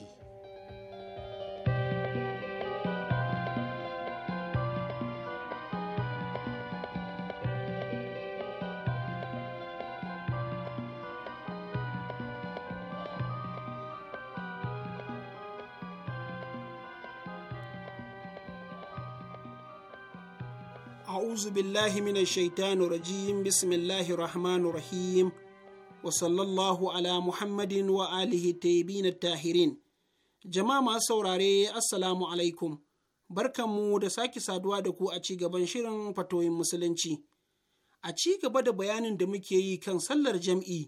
Speaker 5: أعوذ بالله من الشيطان الرجيم بسم الله الرحمن الرحيم wa sallallahu ala Muhammadin wa alihi tayyibin tahirin. Jama'a masu saurare Assalamu alaikum. Barkanmu da sake saduwa da ku a ci gaban shirin fatoyin musulunci. A ci gaba da bayanin da muke yi kan sallar jam'i.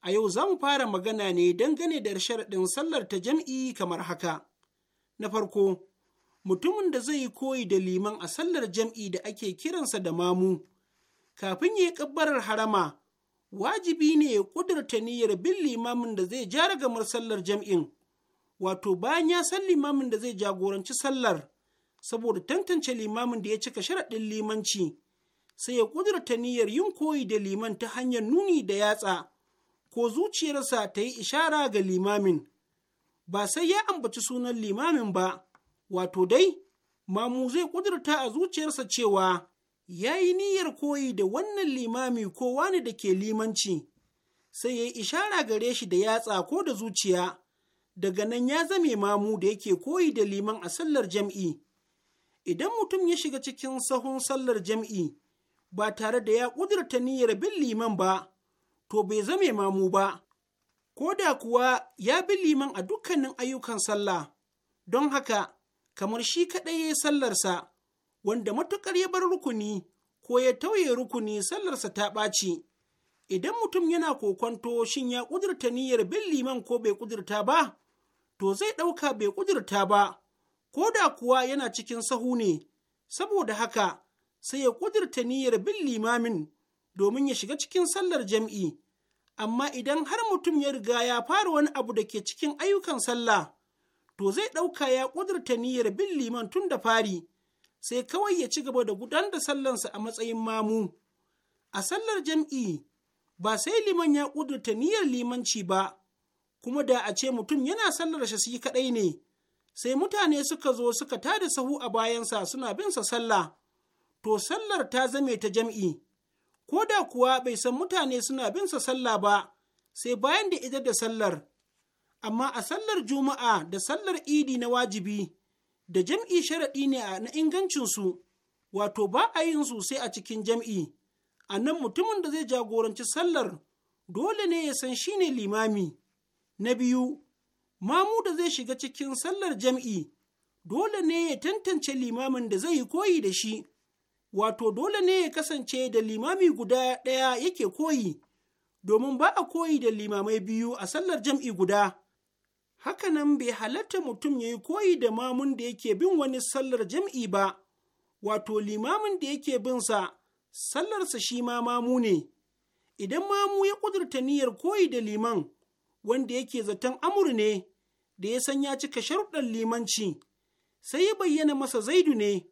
Speaker 5: A yau za mu fara magana ne dangane da sharaɗin sallar ta jam'i kamar haka. Na farko, mutumin da zai yi koyi da liman a sallar jam'i da ake kiransa da mamu, kafin ya yi ƙabbarar harama, wajibi ne ya kudurta niyyar bin limamin da zai ja gamar sallar jam'in, wato bayan ya san limamin da zai jagoranci sallar, saboda tantance limamin da ya cika sharaɗin limanci, sai ya kudurta niyyar yin koyi da liman ta hanyar nuni da yatsa, ko zuciyarsa ta yi ishara ga limamin. Ba sai ya ambaci sunan limamin ba, wato dai, mamu zai ƙudurta a zuciyarsa cewa ya yi niyyar koyi da wannan limami ko wani da ke limanci, sai ya yi ishara gare shi da yatsa ko da zuciya, daga nan ya zame mamu da yake koyi da liman a sallar jam'i. Idan mutum ya shiga cikin sahun sallar jam'i ba tare da ya ƙudurta niyyar bin liman ba, to bai zame mamu ba, ko da kuwa ya bi liman a dukkanin ayyukan sallah, don haka, kamar shi kaɗai ya yi sallarsa. wanda matuƙar ya bar rukuni ko ya tauye rukuni sallarsa ta ɓaci idan mutum yana kokonto shin ya ƙudurta niyyar bin liman ko bai ƙudurta ba to zai ɗauka bai ƙudurta ba ko da kuwa yana cikin sahu ne saboda haka sai ya ƙudurta niyyar bin limamin domin ya shiga cikin sallar jam'i amma idan har mutum ya riga ya fara wani abu da ke cikin ayyukan sallah to zai ɗauka ya ƙudurta niyyar bin liman tun da fari sai kawai ya ci gaba da gudanar da sallansa a matsayin mamu. A sallar jam'i ba sai liman ya ƙudurta niyyar limanci ba, kuma da a ce mutum yana sallar shi kaɗai ne, sai mutane suka zo suka tada sahu a bayansa suna bin sa sallah, to sallar ta zame ta jam'i, ko da kuwa bai san mutane suna bin sa sallah ba, sai bayan da idar da sallar, amma a sallar juma'a da sallar idi na wajibi. da jam'i sharaɗi ne na ingancinsu, wato ba a yin su sai a cikin jam'i, a nan mutumin da zai jagoranci sallar dole ne ya san shi ne limami. Na biyu, mamu da zai shiga cikin sallar jam'i, dole ne ya tantance limamin da zai yi koyi da shi, wato dole ne ya kasance da limami guda ɗaya yake koyi, domin ba a koyi da limamai biyu a sallar jam'i guda. hakanan bai halatta mutum ya yi koyi da mamun da yake bin wani sallar jam'i ba, wato limamin da yake binsa, sallarsa shi ma mamu ne, idan mamu ya ƙudurta niyyar koyi da liman, wanda yake zaton amur ne, da ya san ya cika sharuɗan limanci, sai ya bayyana masa zaidu ne,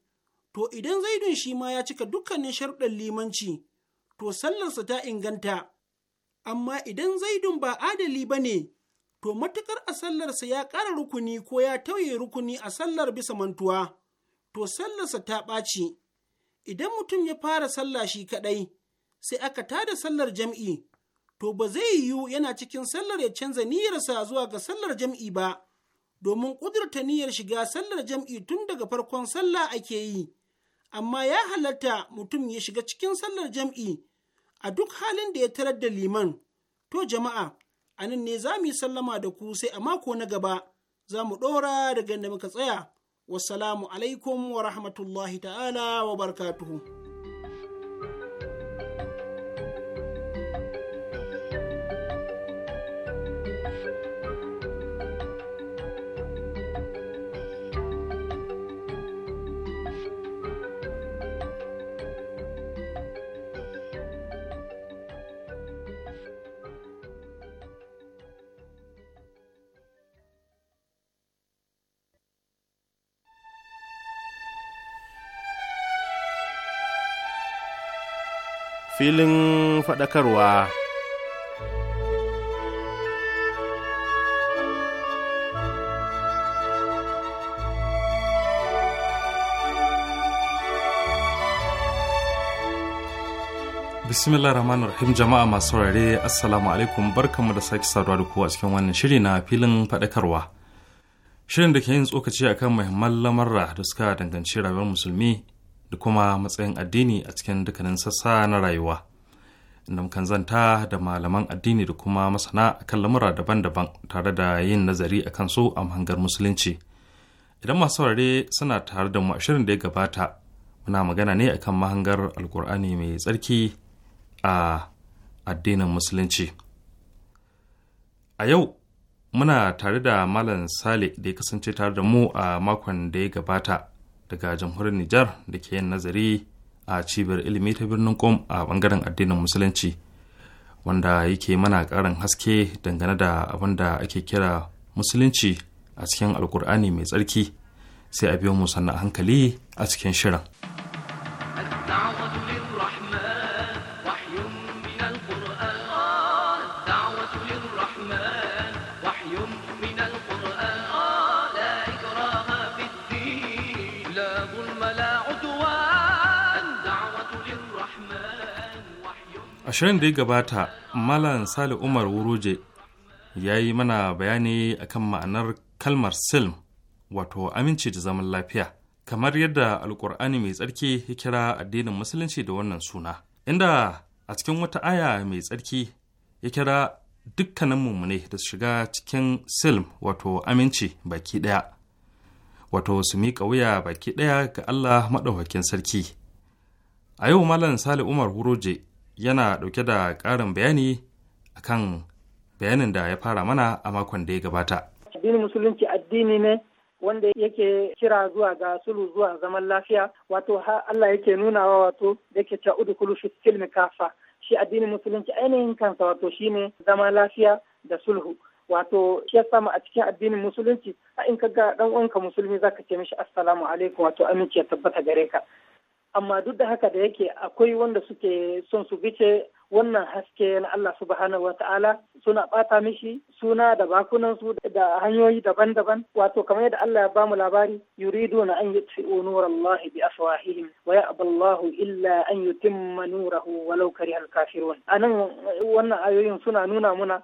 Speaker 5: to idan zaidun shi ma ya cika dukkanin sharuɗan limanci, to sallarsa ta inganta. Amma idan zaidun ba adali ba ne, to matuƙar a sallarsa ya ƙara rukuni ko ya tauye rukuni a sallar bisa mantuwa, to sallarsa ta ɓaci. Idan mutum ya fara sallah shi kaɗai, sai aka tada sallar jam'i, to ba zai yiwu yana cikin sallar ya canza niyyarsa zuwa ga sallar jam'i ba, domin ƙudurta niyyar shiga sallar jam'i tun daga farkon sallah ake yi, amma ya halatta mutum ya shiga cikin sallar jam'i a duk halin da ya tarar da liman. To jama'a, a nan ne za mu yi sallama da ku sai a mako na gaba za mu ɗora daga da muka tsaya wasalamu alaikum wa rahmatullahi ta'ala wa barkatuhu.
Speaker 3: filin faɗakarwa.
Speaker 4: bismillah rahman rahim jama'a masu saurare assalamu alaikum barkanmu da sake saduwa da ku cikin wannan shiri na filin faɗakarwa shirin da ke yin tsokaci akan muhimman lamarra da suka danganci rayuwar musulmi da kuma matsayin addini a cikin dukkanin sassa na rayuwa inda mukan zanta da malaman addini da kuma masana kan lamura daban-daban tare da yin nazari a kansu a mahangar musulunci idan masu saurare suna tare da mu a shirin da ya gabata muna magana ne akan mahangar alkur'ani mai tsarki a addinin musulunci a yau muna tare da malam sale da ya kasance tare da mu a makon da ya gabata daga jamhuriyar Nijar da ke yin nazari a cibiyar ilimi ta birnin kom a bangaren addinin Musulunci wanda yake mana ƙarin haske dangane da abin da ake kira Musulunci a cikin Alkur'ani mai tsarki sai a biyo mu sannan hankali a cikin shirin. ashirin da ya gabata malam sale umar wuruje ya yi mana bayani akan ma'anar kalmar silm wato aminci da zaman lafiya kamar yadda alkur'ani mai tsarki ya kira addinin musulunci da wannan suna inda a cikin wata aya mai tsarki ya kira dukkanin mummune da su shiga cikin silm wato aminci baki ɗaya wato su miƙa wuya baki ɗaya ga allah maɗaukakin sarki a yau malam sale umar Wuroje. yana ɗauke da ƙarin bayani kan bayanin da ya fara mana a makon da ya gabata.
Speaker 7: Addinin Musulunci addini ne wanda yake kira zuwa ga sulhu zuwa zaman lafiya wato ha Allah yake nunawa wato yake ta udukulu fi silmi kafa shi addinin musulunci ainihin kansa wato shine zaman lafiya da sulhu wato shi ya samu a cikin addinin musulunci a in ka ga dan uwanka musulmi zaka ce mishi assalamu alaikum wato aminci ya tabbata gare ka amma duk da haka da yake akwai wanda suke son su bice wannan haske na Allah subhanahu wata'ala suna bata mishi suna da bakunansu da hanyoyi daban-daban wato kamar yadda Allah ya ba mu labari yuridu na an yi yutfi'u Allah bi afwahihim wa aballahu illa an yutimma nurahu walau karihal kafirun anan wannan ayoyin suna nuna muna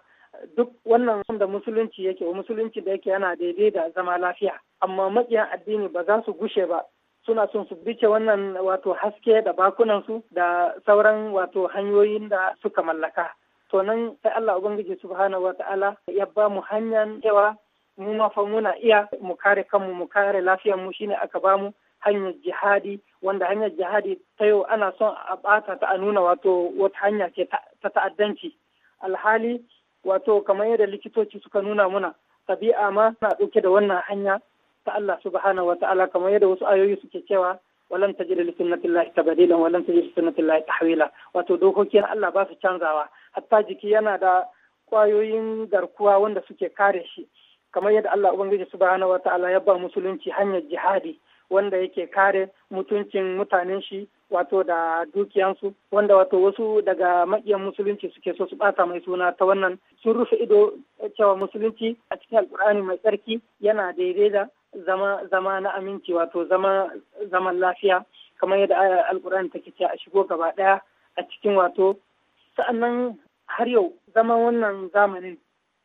Speaker 7: duk wannan da musulunci yake wa musulunci da yake yana daidai da zama lafiya amma maƙiyan addini ba za su gushe ba suna son su bice wannan wato haske da bakunansu da sauran wato hanyoyin da suka mallaka to nan sai Allah ubangiji subhanahu wata'ala ya ba mu hanyar cewa mu ma fa muna iya mu kare kanmu mu kare lafiyar mu shine aka ba mu hanyar jihadi wanda hanyar jihadi ta yau ana son a bata ta a nuna wato wata hanya ce ta ta'addanci alhali wato kamar yadda likitoci suka nuna muna tabi'a ma na ɗauke da wannan hanya ta Allah subhanahu wa ta'ala kamar yadda wasu ayoyi suke cewa walan tajid li sunnatillahi tabdila walan tajid li sunnatillahi tahwila wato dokokin Allah ba su canzawa hatta jiki yana da kwayoyin garkuwa wanda suke kare shi kamar yadda Allah ubangiji subhanahu wa ta'ala ya ba musulunci hanyar jihadi wanda yake kare mutuncin mutanen shi wato da dukiyansu wanda wato wasu daga maƙiyan musulunci suke so su bata mai suna ta wannan sun rufe ido cewa musulunci a cikin alkur'ani mai tsarki yana daidai da zama zama na aminci wato zama zaman lafiya kamar yadda ta ke ce a shigo gaba daya a cikin wato sa'annan har yau zama wannan zamanin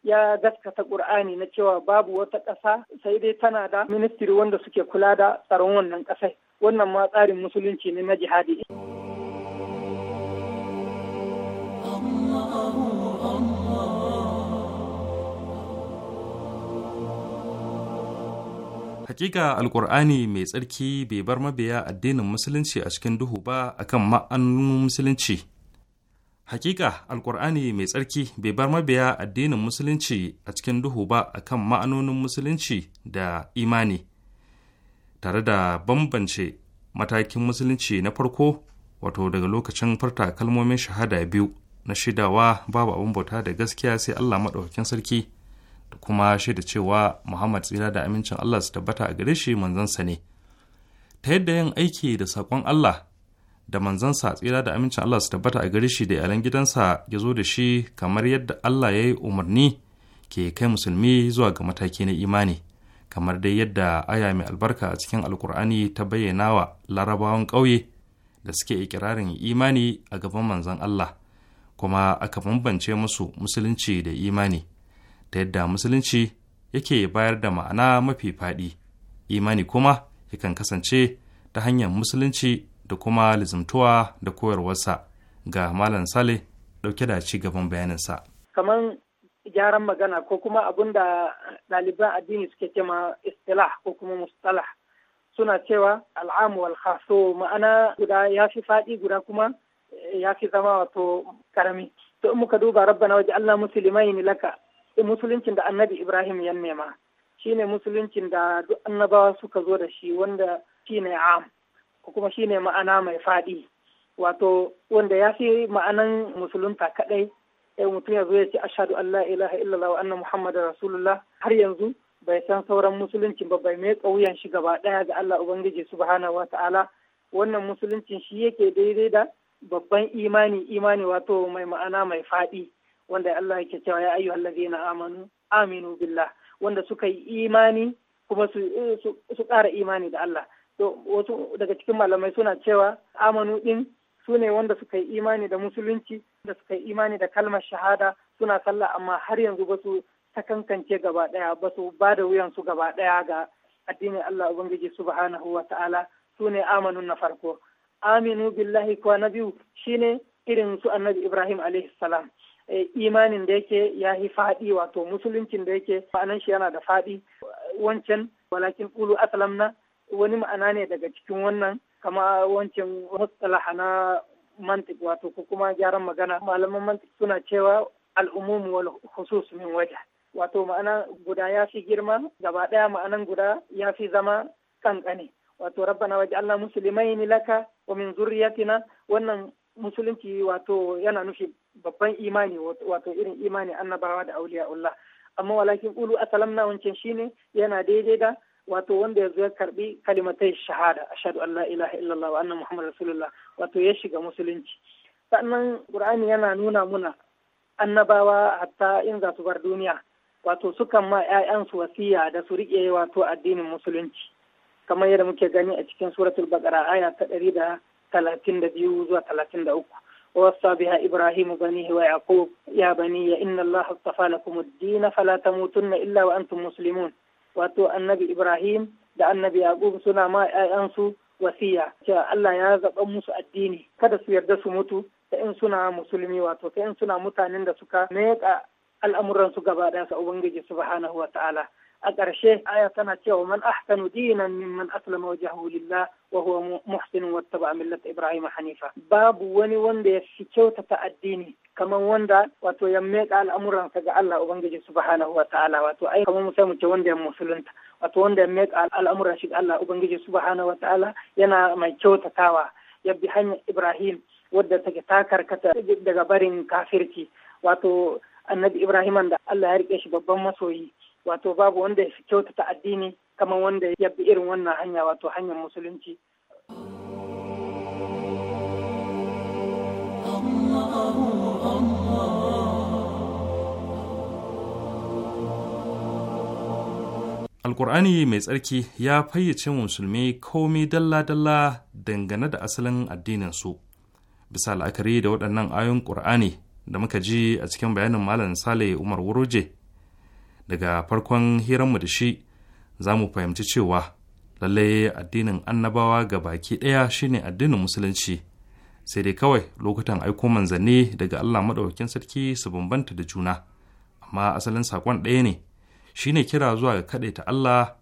Speaker 7: ya gaskata ƙur'ani na cewa babu wata ƙasa sai dai tana da ministiri wanda suke kula da tsaron wannan ƙasai wannan ma tsarin musulunci ne na jihadi
Speaker 4: Hakika alkur'ani mai tsarki bai bar mabiya addinin Musulunci a cikin duhu ba akan ma'anonin Musulunci. Hakika alkur'ani mai tsarki bai bar mabiya addinin Musulunci a cikin duhu ba akan ma'anonin Musulunci da imani, tare da bambance matakin Musulunci na farko wato daga lokacin farta kalmomin shahada biyu na shidawa babu abin bauta da gaskiya sai Allah maɗaukakin sarki kuma shaida cewa Muhammad tsira da amincin Allah su tabbata a gare shi manzansa ne. Ta yadda yin aiki da saƙon Allah da manzansa tsira da amincin Allah su tabbata a gare shi da yalan gidansa ya zo da shi kamar yadda Allah ya yi umarni ke kai musulmi zuwa ga mataki na imani. kamar dai yadda aya mai albarka a cikin alkur'ani ta bayyana wa larabawan ƙauye da suke ikirarin imani a gaban manzan Allah kuma aka bambance musu musulunci da imani ta yadda musulunci yake bayar da ma'ana mafi faɗi imani kuma yakan kasance ta hanyar musulunci da kuma lizimtuwa da koyarwarsa ga malam sale dauke da ci gaban bayaninsa
Speaker 7: kamar gyaran magana ko kuma abin da ɗaliban addini suke cema istilah ko kuma mustalah suna cewa al'amu wal ma'ana guda ya fi faɗi guda kuma ya fi zama wato karami to in muka duba rabbana waje Allah musulmai ne laka musuluncin da annabi ibrahim ya nema shine musuluncin da duk annabawa suka zo da shi wanda shine am ko kuma shine ma'ana mai fadi wato wanda ya fi ma'anan musulunta kaɗai sai mutum ya zo ya ce ashadu Allah ilaha illallah wa anna muhammadar rasulullah har yanzu bai san sauran musuluncin ba bai mai wuyan shi gaba ɗaya ga Allah ubangiji subhanahu wa ta'ala wannan musuluncin shi yake daidai da babban imani imani wato mai ma'ana mai faɗi wanda Allah yake cewa ya ayyuhal ladina amanu aminu billah wanda suka yi imani kuma su ƙara imani da Allah to wasu daga cikin malamai suna cewa amanu ɗin su ne wanda suka yi imani da musulunci da suka yi imani da kalmar shahada suna sallah amma har yanzu ba su takankance gaba ɗaya ba su ba da wuyansu gaba ɗaya ga addinin Allah Ubangiji subhanahu wa ta'ala su ne amanun na farko aminu billahi kuwa na biyu shine irin su annabi Ibrahim alaihi salam Eh, imanin da yake ya yi faɗi wato musuluncin da yake ma'anan shi yana da faɗi wancan walakin kulu aslamna wani ma'ana ne daga cikin wannan kama wancan mustalaha na mantik wato ko kuma gyaran magana malaman mantik suna cewa al'umumu wal khusus min waja wato ma'ana guda ya fi girma gaba ɗaya ma'anan guda ya fi zama kankane wato rabbana Allah musulmai laka wa min zurriyatina wannan musulunci wato yana nufin babban imani wato irin imani annabawa da Allah. amma walakin ulu asalam na wancan shine yana daidai da wato wanda ya zo ya karbi kalimatai shahada ashhadu an la ilaha illallah wa anna muhammad rasulullah wato ya shiga musulunci sannan qur'ani yana nuna muna annabawa hatta in za su bar duniya wato sukan ma 'ya'yansu wasiya da su riƙe wato addinin musulunci kamar yadda muke gani a cikin suratul baqara aya ta ɗari da talatin da biyu zuwa talatin da uku ووصى بها إبراهيم بنيه ويعقوب يا بني إن الله اصطفى لكم الدين فلا تموتن إلا وأنتم مسلمون واتو النبي إبراهيم دا النبي يعقوب سنا ما أنسو وسيا جاء الله يا زب أمس الدين كذا سيرد سموتو فإن سنا مسلمي واتو فإن سنا متانين دا سكا الأمر أن سكبا دا سبحانه وتعالى أقرشه آية تنا ومن أحسن دينا ممن أسلم وجهه لله wa huwa muhsin wattaba millat ibrahim hanifa babu wani wanda ya fi kyautata addini kamar wanda wato ya meka al'amuransa ga Allah ubangiji subhanahu wa ta'ala wato ai kamar mu mu wanda ya musulunta wato wanda ya meka al'amuran shi Allah ubangiji subhanahu wa ta'ala yana mai kyautatawa ya bi hanya ibrahim wadda take ta karkata daga barin kafirci wato annabi ibrahim da Allah ya rike shi babban masoyi wato babu wanda ya fi kyautata addini kamar wanda ya bi irin wannan hanya wato hanyar musulunci
Speaker 4: Alƙur'ani mai tsarki ya fayyace musulmi komi dalla-dalla dangane da asalin addininsu. Bisa la'akari da waɗannan ayon ƙur'ani da muka ji a cikin bayanin Malam Sale Umar Wuroje daga farkon hiranmu da shi za mu fahimci cewa lallai addinin annabawa ga baki ɗaya shine addinin musulunci sai dai kawai lokutan aiko manzanni daga Allah maɗaukakin sarki su bambanta da juna amma asalin saƙon ɗaya ne shine kira zuwa ga kaɗaita Allah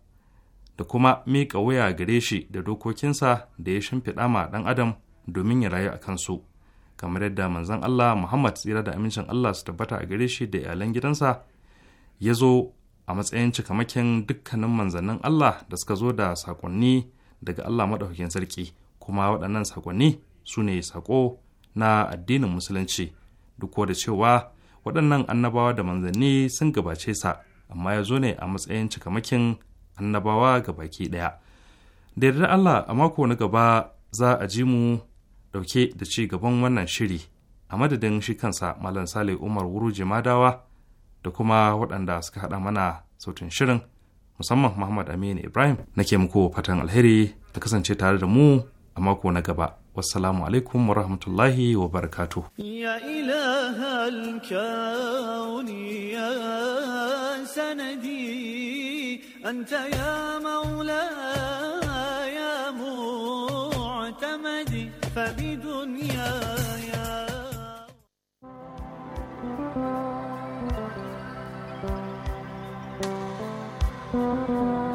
Speaker 4: da kuma mika waya gare shi da dokokinsa da ya shimfiɗa ma ɗan adam domin ya rayu a kansu kamar yadda manzon Allah Muhammad tsira da amincin Allah su tabbata a gare shi da iyalan gidansa ya zo a matsayin cikamakin dukkanin manzannin Allah da suka zo da saƙonni daga Allah maɗaukakin sarki kuma waɗannan saƙonni su ne saƙo na addinin musulunci duk da cewa waɗannan annabawa da manzanni sun gabace sa amma ya zo ne a matsayin cikamakin annabawa ga baki ɗaya da yarda Allah a mako na gaba za a ji mu ɗauke da ci gaban wannan shiri a madadin shi kansa malam sale umar wuru madawa. da kuma waɗanda suka haɗa mana sautin shirin musamman Muhammad Aminu Ibrahim nake muku fatan alheri ta kasance tare da mu a mako na gaba. Wassalamu alaikum wa rahmatullahi wa barakatu. Ya ilaha
Speaker 2: alkauni ya sanadi ya maula ya duniya Thank you.